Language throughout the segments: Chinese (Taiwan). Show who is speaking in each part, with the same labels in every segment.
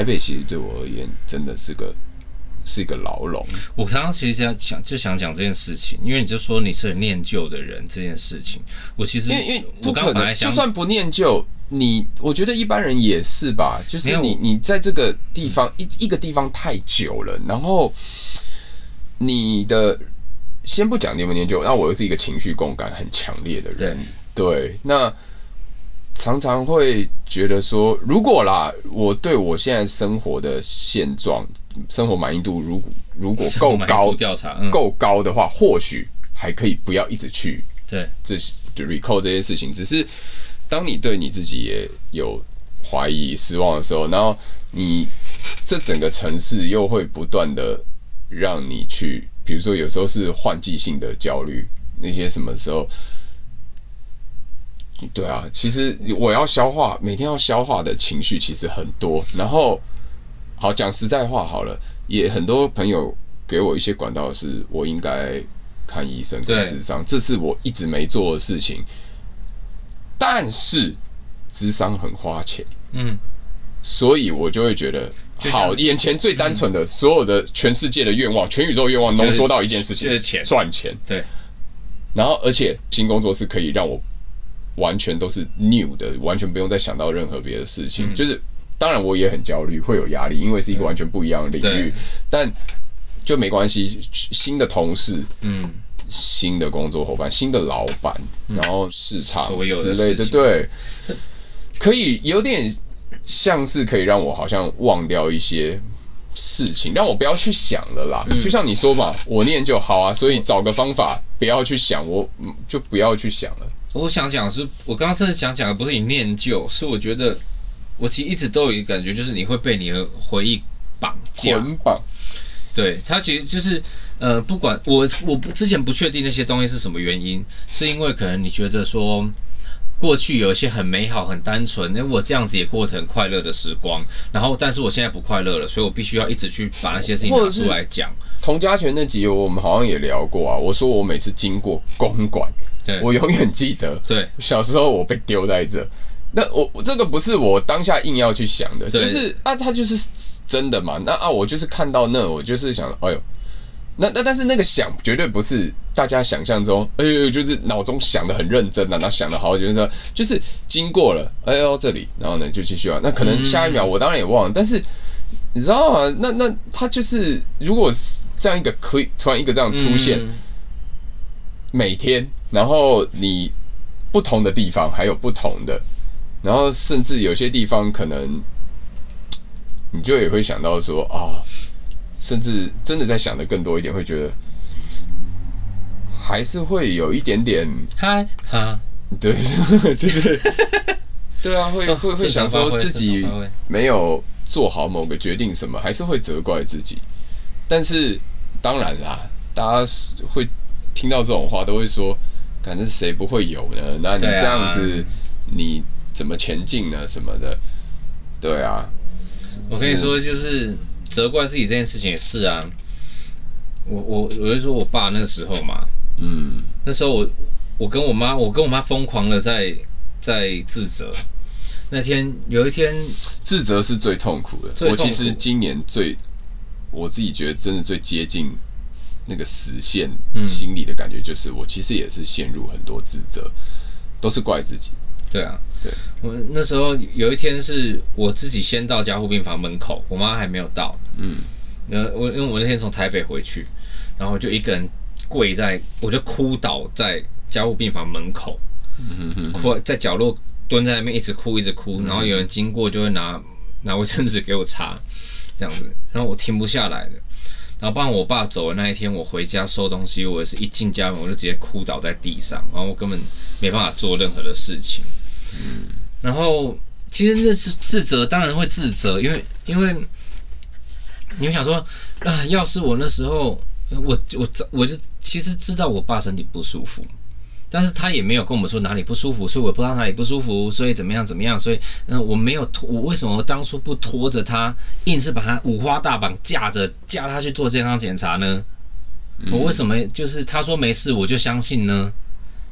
Speaker 1: 台北其實對我而言真的是個是一個牢籠。我剛剛其實想就想講這件事情，因為你就說你是很念舊的人這件事情，我其實因為因為不可能，剛剛本來想，就算不念舊，你我覺得
Speaker 2: 一般人也是吧，就是你你在這個地方、嗯、一一個地方太久了，然後你的先不講念不念舊，那我又是一個情緒共感很強烈的人，對，對那。常常會覺得說，如果啦，我對我現在生活的現狀、生活滿意度如，如果如果夠高、夠、嗯、高的話，或許還可以不要一直去這對這些 recall 這些事情。只是當你對你自己也有懷疑、失望的時候，然後你這整個城市又會不斷的讓你去，比如說有時候是換季性的焦慮，那些什麼時候？對啊，其實我要消化每天要消化的情緒，其實很多。然後，好講實在話，好了，也很多朋友給我一些管道，是我應該看醫生、跟諮商，這是我一直沒做的事情。但是，諮商很花錢，嗯，所以我就會覺得，好，眼前最單純的、嗯、所有的全世界的願望、全宇宙的願望，濃縮到一件事情：就是就是、錢、賺錢。對。然後，而且新工作是可以讓我。完全都是 new 的，完全不用再想到任何別的事情、嗯。就是，當然我也很焦慮，會有壓力，因為是一個完全不一樣的領域。嗯、但就沒關係，新的同事，嗯，新的工作伙伴，新的老板，然後市場之類的，所有的，對，可以有點像是可以讓我好像忘掉一些事情，讓我不要去想了啦、嗯。就像你說嘛，我念就好啊，所以找個方法不要去想，我就不要去
Speaker 1: 想了。我想講是，我剛剛甚至想講的不是你念舊，是我覺得我其實一直都有一個感覺，就是你會被你的回憶綁架。捆綁。對，它其實就是呃，不管，我我之前不確定那些東西是什麼原因，是因為可能你覺得說。過去有一些很美好、很單純，那我這樣子也過得很快樂的時光。然後，但是我現在不快樂了，所以我必須要一直去把那些事情拿出來講。
Speaker 2: 童家權那集，我們好像也聊過啊。我說我每次經過公館，對我永遠記得。對，小時候我被丟在這，那我我這個不是我當下硬要去想的，就是啊，他就是真的嘛。那啊，我就是看到那，我就是想，哎呦。那那但是那個想絕對不是大家想象中，哎呦，就是腦中想的很認真啊，那想了好久，就是經過了，哎呦，這裡，然後呢就繼續啊，那可能下一秒我當然也忘了、嗯，但是你知道嗎、啊？那那他就是如果這樣一個 click 突然一個這樣出現、嗯，每天，然後你不同的地方還有不同的，然後甚至有些地方可能，你就也會想到說啊。哦甚至真的在想的更多一點，會覺得還是會有一點點嗨哈，對，huh? 就是
Speaker 1: 對啊，會會會想說自己
Speaker 2: 沒有做好某個決定什麼，還是會責怪自己。但是當然啦，大家會聽到這種話，都會說，反正誰不會有呢？那你這樣子，你怎麼前進呢？什麼的，
Speaker 1: 對啊，我跟你說就是。責怪自己這件事情也是啊，我我我就說我爸那個時候嘛，嗯，那時候我我跟我媽我跟我媽瘋狂的在在自責，那天有一天
Speaker 2: 自責是最痛苦的，最痛苦。我其實今年最我自己覺得真的最接近那個實現心理的感覺，就是、嗯、我其實也是陷入很多自責，都是怪自己。
Speaker 1: 對啊，對，我那時候有一天是我自己先到加護病房門口，我媽還沒有到。嗯，然後我因為我那天從台北回去，然後就一個人跪在，我就哭倒在加護病房門口，嗯、哼哼，哭在角落蹲在那邊一直哭一直哭，然後有人經過就會拿拿衛生紙給我擦，這樣子，然後我停不下來的。然後不然我爸走的那一天，我回家收東西，我是一進家門我就直接哭倒在地上，然後我根本沒辦法做任何的事情。嗯嗯，然後其實那是自責，當然會自責，因為因為你會想說啊，要是我那時候我我我就其實知道我爸身體不舒服，但是他也沒有跟我們說哪裡不舒服，所以我不知道哪裡不舒服，所以怎麼樣怎麼樣，所以嗯，那我沒有拖，我為什麼當初不拖着他，硬是把他五花大綁架着架他去做健康檢查呢？我為什麼就是他說沒事我就相信呢？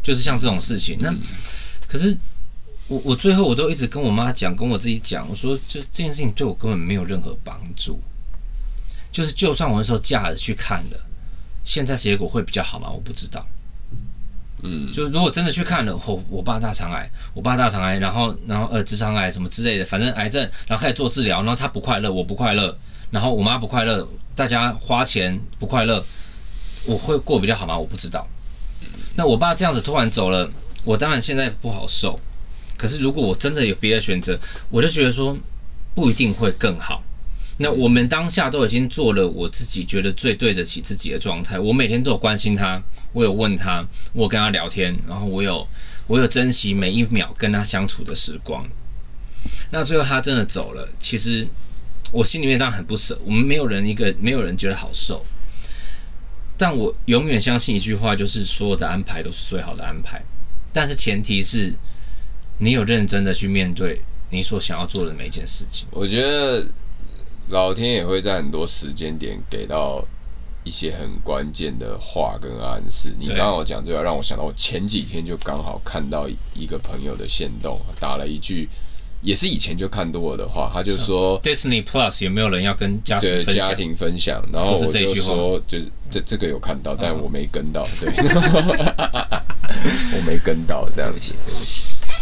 Speaker 1: 就是像這種事情，那、嗯、可是。我我最後我都一直跟我媽講，跟我自己講，我說就這件事情對我根本沒有任何幫助，就是就算我那時候假的去看了，現在結果會比較好嗎？我不知道。嗯，就是如果真的去看了，我我爸大腸癌，我爸大腸癌，然後然後呃直腸癌什麼之類的，反正癌症，然後開始做治療，然後他不快樂，我不快樂，然後我媽不快樂，大家花錢不快樂，我會過比較好嗎？我不知道。那我爸這樣子突然走了，我當然現在不好受。可是，如果我真的有別的選擇，我就覺得說不一定會更好。那我們當下都已經做了我自己覺得最對得起自己的狀態。我每天都有關心他，我有問他，我跟他聊天，然後我有我有珍惜每一秒跟他相處的時光。那最後他真的走了，其實我心裡面當然很不捨。我們沒有人一個沒有人覺得好受，但我永遠相信一句話，就是所有的安排都是最好的安排。但是前提是……你有認真的去面對你所想要做的每一件事情。
Speaker 2: 我覺得老天也會在很多時間點給到一些很關鍵的話跟暗示。你剛剛講這個，讓我想到我前幾天就剛好看到一個朋友的限動，打了一句也是以前就看多了的話，他就說
Speaker 1: Disney Plus 有沒有人要跟家對家庭
Speaker 2: 分享？然後我就說，就是這句話就這，這個有看到，但我沒跟到，嗯、對。哈哈哈我沒跟到，這樣子對不起，對不起。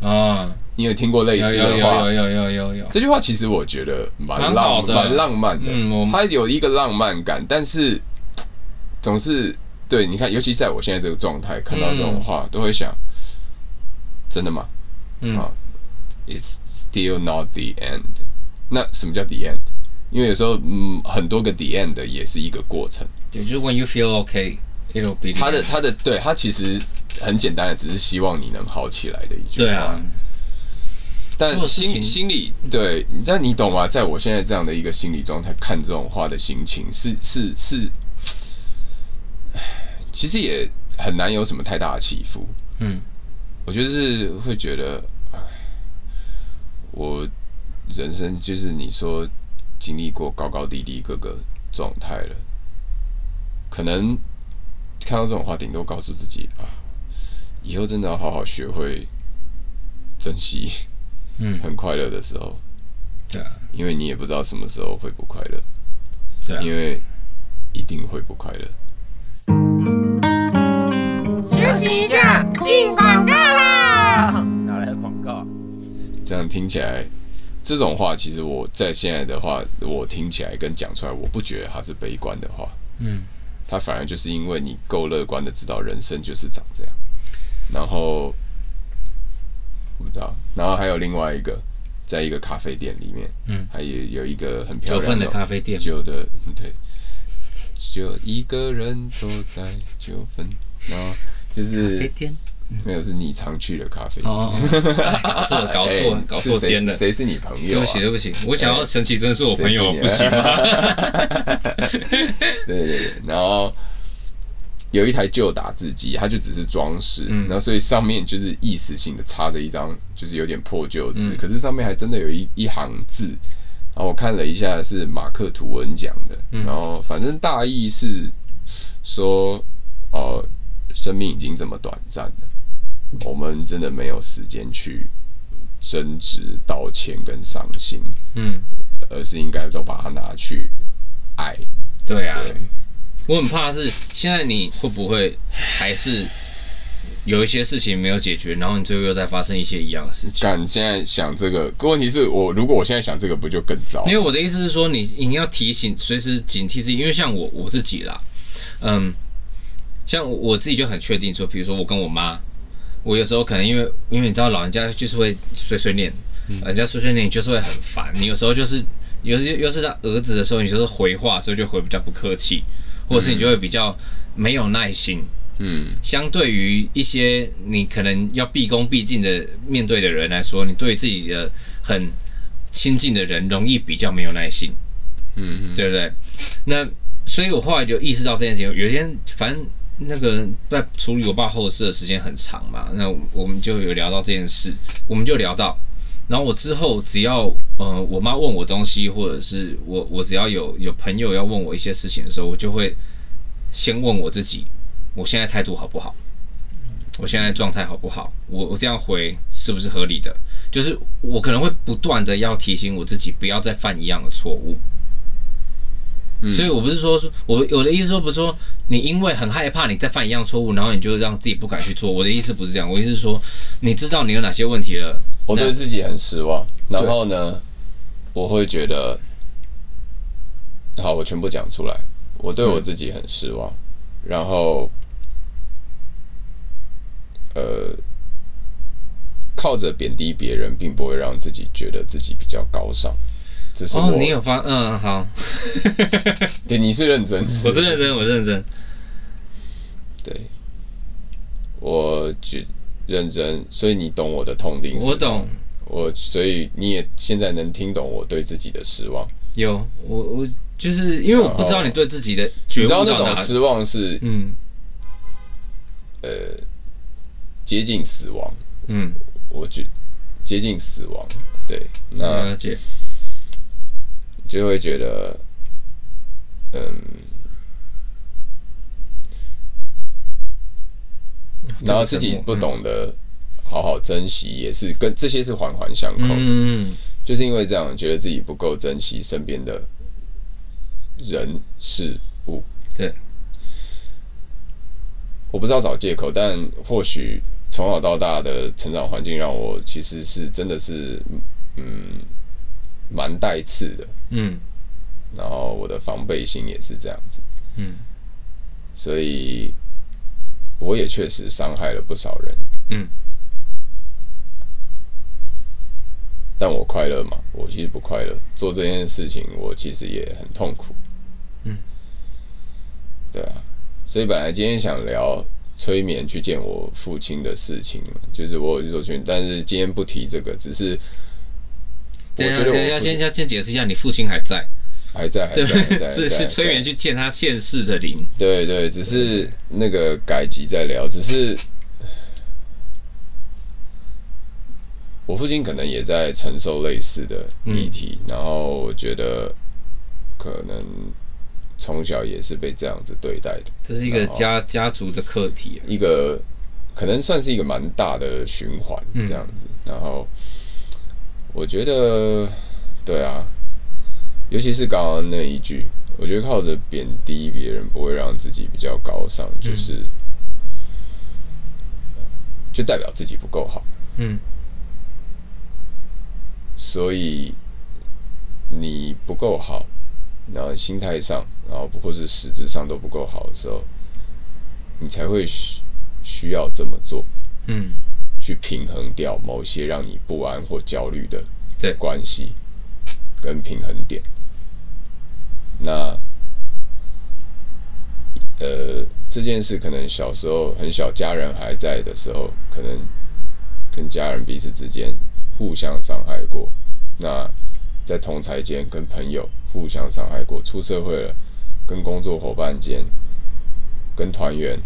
Speaker 2: 啊、oh，你有聽過類似的話？有有有有有、有、有、有、有、有。這句話其實我覺得蠻浪，浪漫的、嗯，它有一個浪漫感，但是總是對。你看，尤其在我現在這個狀態，看到這種話、嗯，都會想，真的嗎？嗯、啊，It's still not the end。那什麼叫 the end？因為有時候，嗯，很多個 the end 的也是一個過程。對，
Speaker 1: 就是 When you feel okay, it'll be the
Speaker 2: end. 他的他的對，他其實。很簡單的，只是希望你能好起來的一句話。
Speaker 1: 對啊，但心理心
Speaker 2: 理對，你知道你懂嗎？在我現在這樣的一個心理狀態看這種話的心情是，是是是，其實也很難有什麼太大的起伏。嗯，我覺得是會覺得，我人生就是你說經歷過高高低低各個狀態了，可能看到這種話，頂多告訴自己啊。以後真的要好好學會珍惜，嗯，很快樂的時候，對啊，因為你也不知道什麼時候會不快樂，對啊，因為一定會不快樂。
Speaker 1: 休息一下，進廣告啦。哪來的廣告？
Speaker 2: 這樣聽起來，這種話其實我在現在的話，我聽起來跟講出來，我不覺得它是悲觀的話，嗯，它反而就是因為你夠樂觀的，知道人生就是長這樣。然後不知道，然後還有另外一個，在一個咖啡店裡面，嗯，還有有一個很漂亮的，的咖啡店，九的對，就一個人坐在九份，然後就是沒有是你常去的咖啡店哦，哦，哦、 哎，錯搞錯，了搞，錯了、哎、搞錯間的，誰是你朋友、啊。對不起對不起，我想要陳綺貞是我朋友，哎、不行嗎？啊、 對對對，然後。有一台舊打字機，它就只是裝飾、嗯，然後所以上面就是意思性的插着一張就是有點破舊紙、嗯，可是上面還真的有一一行字，然後我看了一下是馬克吐溫講的、嗯，然後反正大意是說，哦、呃，生命已經這麼短暫了，我們真的沒有時間去爭執、道歉跟傷心，嗯，而是應該都把它拿去愛，嗯、
Speaker 1: 對，對，對啊。我很怕的是現在你會不會還是有一些事情沒有解決，然後你最後又再發生一些一樣的事情。像你現在想這個，可問題是我如果我現在想這個，不就更糟？因為我的意思是說，你你要提醒，隨時警惕自己。因為像我我自己啦，嗯，像我自己就很確定說，比如說我跟我媽，我有時候可能因為因為你知道老人家就是會碎碎念，人家碎碎念就是會很煩。你有時候就是有時又是他兒子的時候，你就是回話，所以就回比較不客氣。或者是你就會比較沒有耐心，嗯，相對於一些你可能要畢恭畢敬的面對的人來說，你對自己的很親近的人容易比較沒有耐心，嗯嗯，對不對？那所以我後來就意識到這件事情。有一天，反正那個在處理我爸後事的時間很長嘛，那我們就有聊到這件事，我們就聊到。然後我之後只要，呃，我媽問我東西，或者是我我只要有有朋友要問我一些事情的時候，我就會先問我自己，我現在態度好不好？我現在狀態好不好？我我這樣回是不是合理的？就是我可能會不斷地要提醒我自己，不要再犯一樣的錯誤。嗯，所以，我不是說說，我我的意思說不是說你因為很害怕你再犯一樣錯誤，然後你就讓自己不敢去做。我的意思不是這樣，我意思是說，你知道你有哪些問題了。我對自己很失望，然後呢，我會覺得，好，我全部講
Speaker 2: 出來。我對我自己很失望，嗯，然後，呃，靠着貶低別人，並不會讓自己覺得自己比較高尚。哦，你有發嗯、呃、好， 對，你是認，是， 是認真，我是認真，我認真，對，我覺認真，所以你懂我的痛定思，我懂，我所以你也現在能聽懂我對自己的失望。
Speaker 1: 有，我我就是因為我不知道你對自己的絕望，你知道那種失
Speaker 2: 望是嗯，呃，接近死亡，嗯，我覺得接近死亡，對，那。就會覺得，嗯，然後自己不懂得好好珍惜，也是跟這些是環環相扣的。
Speaker 1: 嗯，
Speaker 2: 就是因為這樣，覺得自己不夠珍惜身邊的人事物。對，我不知道找借口，但或許從小到大的成長環境讓我其實是真的是，嗯。蠻帶刺的，嗯，然後我的防備心也是這樣子，嗯，所以我也確實傷害了不少人，
Speaker 1: 嗯，
Speaker 2: 但我快樂嘛，我其實不快樂，做這件事情我其實也很痛苦，嗯，對啊，所以本來今天想聊催眠去見我父親的事情嘛，就是我有去做訓，但是今天不提這個，只是。
Speaker 1: 等一下，等一下，先先解釋一下，你父親還在，
Speaker 2: 還在，對吧，是是催
Speaker 1: 眠去見他現世的靈、嗯。
Speaker 2: 對對，只是那個改集在聊，只是我父親可能也在承受類似的議題，嗯、然後我覺得可能從小也是被這樣子對待的。這是一個家
Speaker 1: 家族的課題，一個
Speaker 2: 可能算是一個蠻大的循環這樣子，嗯、然後。我覺得，對啊，尤其是剛剛那一句，我覺得靠着貶低別人不會讓自己比較高尚，嗯、就是，就代表自己不夠好。嗯。所以你不夠好，然後心態上，然後或是實質上都不夠好的時候，你才會需要，需要這麼做。嗯。去平衡掉某些讓你不安或焦慮的關係跟平衡點。那，呃，這件事可能小時候很小，家人還在的時候，可能跟家人彼此之間互相傷害過；那在同儕間跟朋友互相傷害過；出社會了，跟工作伙伴間、跟團員、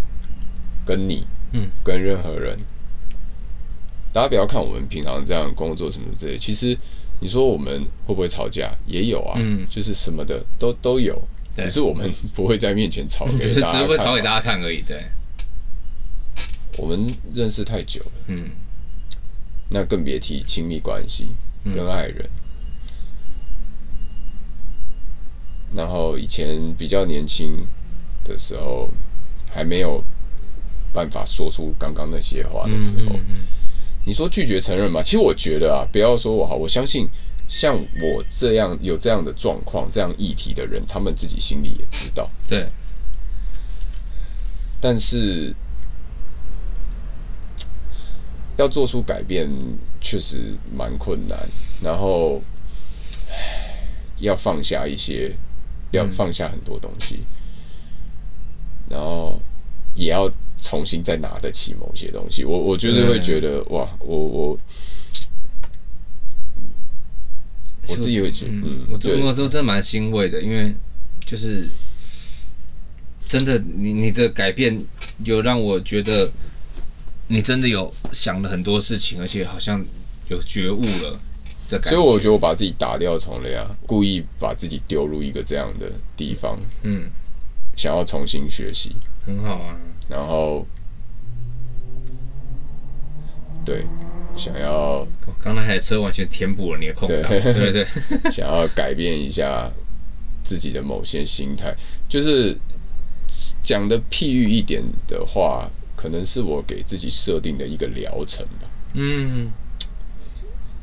Speaker 2: 跟你、嗯、跟任何人。大家不要看我們平常這樣工作什麼之類，其實你說我們會不會吵架，也有啊，嗯、就是什麼的都都有，只是我們不會在面前吵、啊， 只是只會吵給
Speaker 1: 大家看而已。對，
Speaker 2: 我們認識太久
Speaker 1: 了，
Speaker 2: 嗯，那更別提親密關係跟愛人、嗯。然後以前比較年輕的時候，還沒有辦法說出剛剛那些話的時候。嗯嗯嗯嗯你說拒絕承認嗎？其實我覺得啊，不要說我好，我相信像我這樣有這樣的狀況、這樣議題的人，他們自己心裡也知道。對。但是要做出改變，確實蠻困難。然後，哎，要放下一些，要放下很多東西，嗯、然後也要。重新再拿得起某些東西，我我絕對會覺得哇，我我我，我自己會覺得，我我、嗯嗯、我
Speaker 1: 都真的蠻欣慰的，因為就是真的，你你的改變有讓我覺得你真的有想了很多事情，而且好像有覺悟了的
Speaker 2: 感覺。所以我覺得我把自己打掉重來，啊，故意把自己丟入一個這樣的地方，嗯，想要重新學習。很好啊，然後，對，想要，剛那台車完全填補了你的空白，對對對，想要改變一下自己的某些心態， 就是講的譬喻一點的話，可能是我給自己設定的一個療程吧，嗯，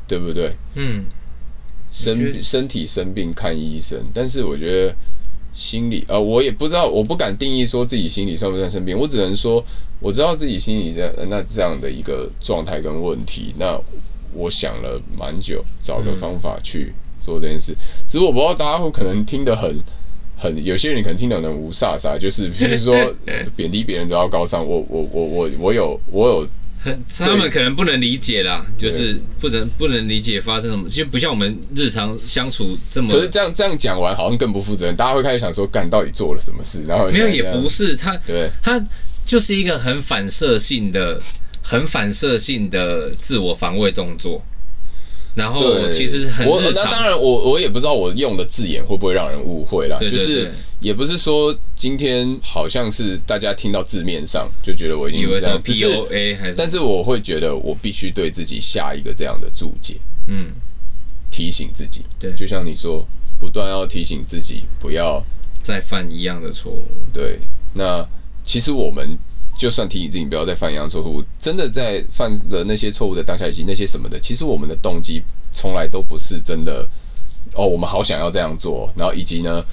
Speaker 2: 對不對？嗯，
Speaker 1: 身
Speaker 2: 身體生病看醫生，但是我覺得。心理啊，呃，我也不知道，我不敢定義說自己心理算不算生病，我只能說我知道自己心理這那，那這樣的一個狀態跟問題。那我想了蠻久，找個方法去做這件事。嗯、只不過我不知道大家會可能聽得很很，有些人可能聽得能霧煞煞，就是比如說貶低別人都要高尚。我我我我我有我有。我有
Speaker 1: 他們可能不能理解啦，就是不能不能理解發生什麼，其實不像我們日常相處這麼。可是
Speaker 2: 這樣這樣講完，好像更不負責任，大家會開始想說，幹到底做了什麼事？然後沒有也不
Speaker 1: 是他，對，他就是一個很反射性的、很反射性的自我防衛動作。然後我其實很常我那當然
Speaker 2: 我我也不知道我用的字眼會不會讓人誤會了，就是也不是說今天好像是大家聽到字面上就覺得我已經是這樣，你以為什麼 PUA 還是什麼，但是我會覺得我必須對自己下一個這樣的注解，嗯，提醒自己，對，對，對，就像你說，不斷要提醒自己不要再犯一樣的錯誤，對，那其實我們。就算提醒自己不要再犯一樣錯誤，真的在犯的那些錯誤的當下以及那些什麼的，其實我們的動機從來都不是真的哦。我們好想要這樣做，然後以及呢，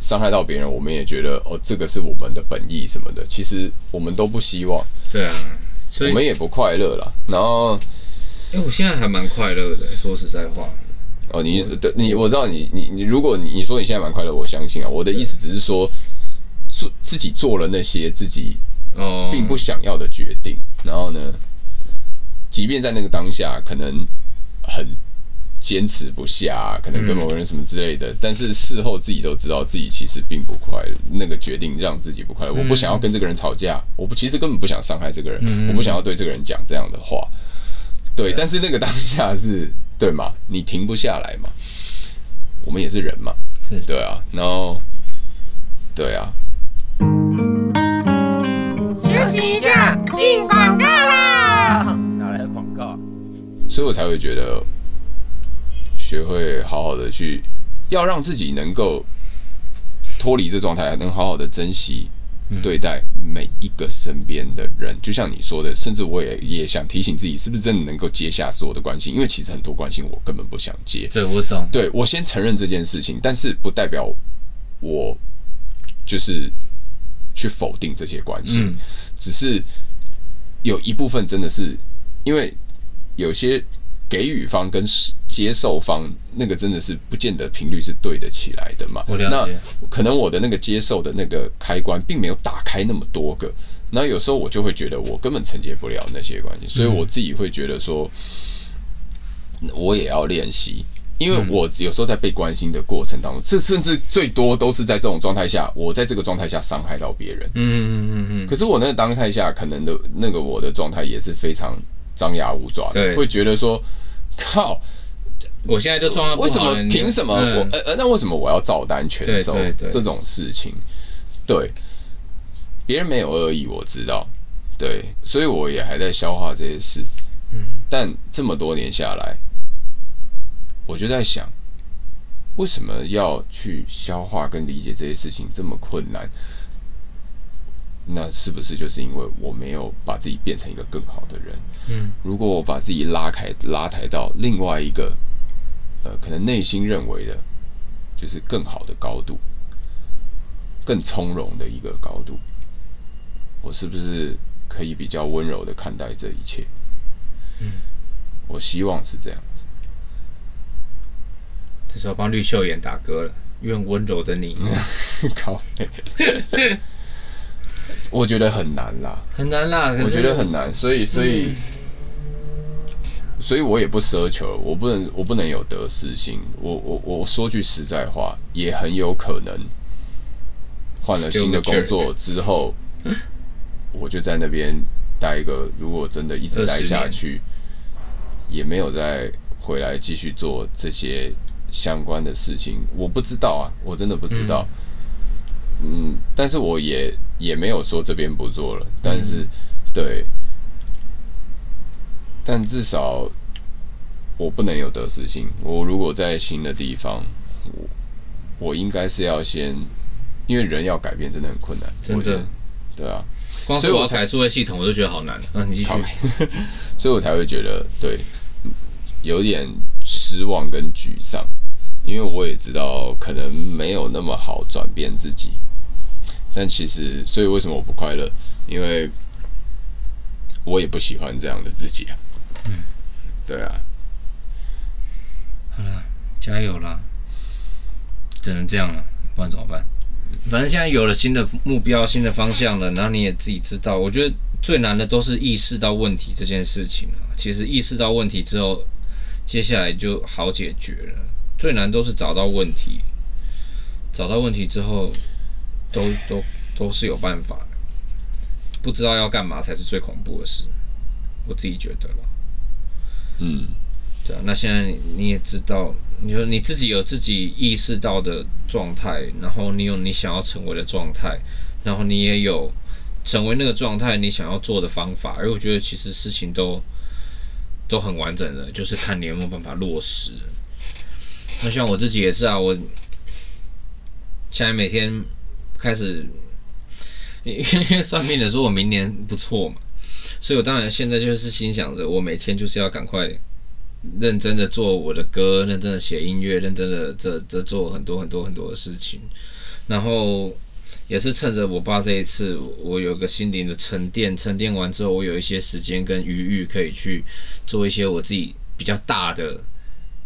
Speaker 2: 傷害到別人，我們也覺得哦，這個是我們的本意什麼的。其實我們都不希望，對
Speaker 1: 啊，所以我們也不快樂了。然後，誒，我現在還蠻快樂的，說實
Speaker 2: 在話。哦，你我你我知道你你你，如果你你說你現在蠻快樂，我相信啊。我的意思只是說，做自己做了那些自己。並不想要的決定，然後呢，即便在那個當下，可能很堅持不下、啊，可能跟某個人什麼之類的，但是事後自己都知道自己其實並不快樂。那個決定讓自己不快樂，我不想要跟這個人吵架，我不其實根本不想傷害這個人，我不想要對這個人講這樣的話。對，但是那個當下是對嘛？你停不下來嘛？我們也是人嘛？對啊。然後，對啊。進廣告啦！哪、嗯、來的廣告？所以我才會覺得，學會好好的去，要讓自己能夠脫離這狀態，還能好好的珍惜對待每一個身邊的人、嗯。就像你說的，甚至我也也想提醒自己，是不是真的能夠接下所有的關心？因為其實很多關心我根本不想接。對，我懂，對，我先承認這件事情，但是不代表我就是去否定這些關係、嗯，只是。有一部分真的是，因為有些給予方跟接受方那個真的是不見得頻率是對得起來的嘛。我了解。那可能我的那個接受的那個開關並沒有打開那麼多個，那有時候我就會覺得我根本承接不了那些關係，所以我自己會覺得說，我也要練習。因為我有時候在被關心的過程當中，這、嗯、甚至最多都是在這種狀態下，我在這個狀態下傷害到別人。嗯嗯嗯嗯。可是，我那個狀態下，可能的，那個我的狀態也是非常張牙舞爪的，對，會覺得說，靠，
Speaker 1: 我現在就裝、啊。為什麼？憑什麼我？我、嗯、呃呃，那為什
Speaker 2: 麼我要照單全收？對對對，這種事情？對，別人沒有惡意，我知道。對，所以我也還在消化這些事。嗯，但這麼多年下來。我就在想，為什麼要去消化跟理解這些事情這麼困難？那是不是就是因為我沒有把自己變成一個更好的人？嗯，如果我把自己拉開、拉抬到另外一個，呃，可能內心認為的，就是更好的高度，更從容的一個高度，我是不是可以比較溫柔的看待這一切？嗯，我希望是這樣子。
Speaker 1: 這時候幫綠秀演打歌了，願溫柔的你。靠， 我覺得很難啦，很難啦，可是我覺得很
Speaker 2: 難，所以所以、嗯，所以我也不奢求了，我不能，我不能有得失心。我我我說句實在話，也很有可能
Speaker 1: 換了新的工作
Speaker 2: 之後，我就在那邊待一個，如果真的一直待下去，也沒有再回來繼續做這些相關的事情我不知道啊，我真的不知道。嗯，嗯，但是我也也沒有說這邊不做了，嗯、但是對，但至少我不能有得失心。我如果在新的地方，我我應該是要先，因為人要改變真的很困難，真的，對啊。光是我要才做
Speaker 1: 位系統，我就覺得好難。嗯，啊、
Speaker 2: 你繼續。 所以我才會覺得對，有點失望跟沮喪。因為我也知道，可能沒有那麼好轉變自己，但其實，所以為什麼我不快樂？因為，我也不喜歡這樣的自己啊。嗯，對啊。
Speaker 1: 好了，加油啦。只能這樣了啊，不然怎麼辦？反正現在有了新的目標、新的方向了，然後你也自己知道。我覺得最難的都是意識到問題這件事情啊，其實意識到問題之後，接下來就好解決了。最難都是找到問題，找到問題之後，都都都是有辦法的，不知道要幹嘛才是最恐怖的事，我自己覺得了。嗯，對啊，那現在你也知道，你說你自己有自己意識到的狀態，然後你有你想要成為的狀態，然後你也有成為那個狀態你想要做的方法，而我覺得其實事情都都很完整的，就是看你有沒有辦法落實。那像我自己也是啊！我現在每天開始，因為算命的說我明年不錯嘛，所以我當然現在就是心想着，我每天就是要趕快認真的做我的歌，認真的寫音樂，認真的這這做很多很多很多的事情。然後也是趁着我爸這一次，我有個心靈的沉澱，沉澱完之後，我有一些時間跟餘裕可以去做一些我自己比較大的，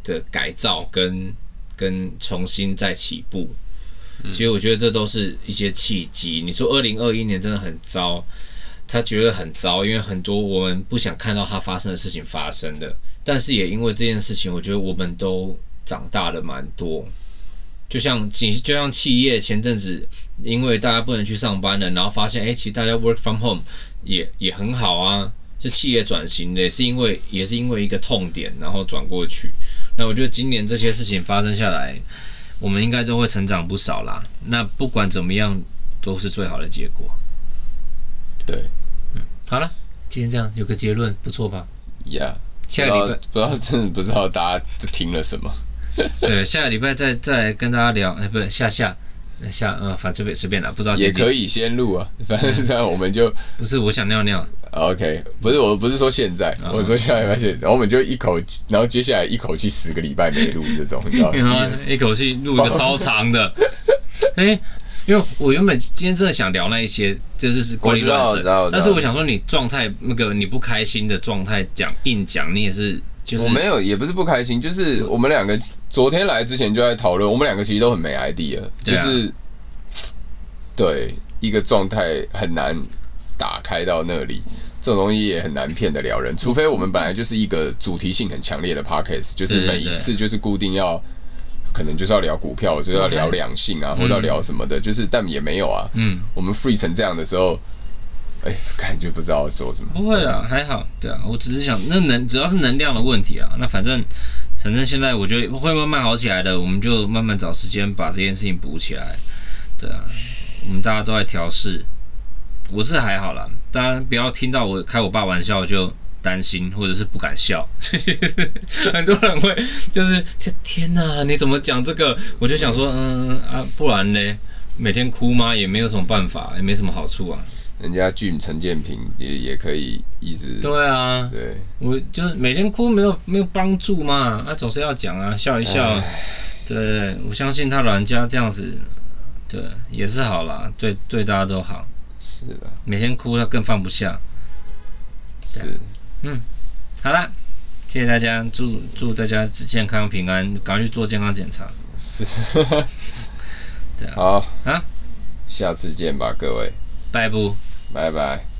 Speaker 1: 的改造跟跟重新再起步，其實我覺得這都是一些契機。你說二零二一年真的很糟，他覺得很糟，因為很多我們不想看到它發生的事情發生的。但是也因為這件事情，我覺得我們都長大了蠻多。就像，就像企業前陣子，因為大家不能去上班了，然後發現，誒，其實大家 work from home 也也很好啊。這企業轉型的，也是因為也是因為一個痛點，然後轉過去。那我覺得今年這些事情發生下來，我們應該都會成長不少啦。那不管怎麼樣，都是最好的結果。對，嗯，好啦，今天這樣有個結論，不錯吧？呀、yeah，下個禮拜不知道，不知道真的不知道大家都聽了什麼。 對，下個禮拜再再來跟大家聊。哎，不是下下。下呃，反正隨便了，不知道也可以
Speaker 2: 先錄啊。反正這樣我們就 不是我想尿尿。OK，不是我不是說現在， 我說現在沒事，然 後我們就一口，然後接下來一口氣十個禮
Speaker 1: 拜沒錄這種，你知道嗎？ 一口氣錄一個超長的。哎、 欸，因為我原本今天真的想聊那一些，就是關於段生，但是我想說你狀態那個你不開心的狀態講硬講，你也是。就是、我沒
Speaker 2: 有，也不是不開心，就是我們兩個昨天來之前就在討論，我們兩個其實都很沒 idea、啊，就是對一個狀態很難打開到那裡，這種東西也很難騙得了人，除非我們本來就是一個主題性很強烈的 podcast，、嗯、就是每一次就是固定要，可能就是要聊股票，就是、要聊兩性啊，或者聊什麼的，嗯、就是但也沒有啊，嗯，我們 free 成這樣的時候。哎、欸，感覺不知道我說什麼。
Speaker 1: 不會啊，還好。對啊，我只是想，那能只要是能量的問題啊。那反正，反正現在我覺得會慢慢好起來的。我們就慢慢找時間把這件事情補起來。對啊，我們大家都在調試。我是還好啦，大家不要聽到我開我爸玩笑就擔心，或者是不敢笑。 很多人會就是天哪，你怎麼講這個？我就想說，嗯啊，不然咧？每天哭嗎？也沒有什麼辦法，也沒什麼好處啊。
Speaker 2: 人家俊陳建平也也可以一
Speaker 1: 直對啊，對，我就是每天哭沒有沒有幫助嘛，他、啊、總是要講啊，笑一笑，對，對,對，我相信他老人家這樣子，對也是好啦，對對大家都好，是的，每天哭他更放不下，是，嗯，好啦，謝謝大家，祝祝大家健康平安，趕快去做健康檢查，是， 對啊，好啊，下次見吧各位，拜拜。拜拜。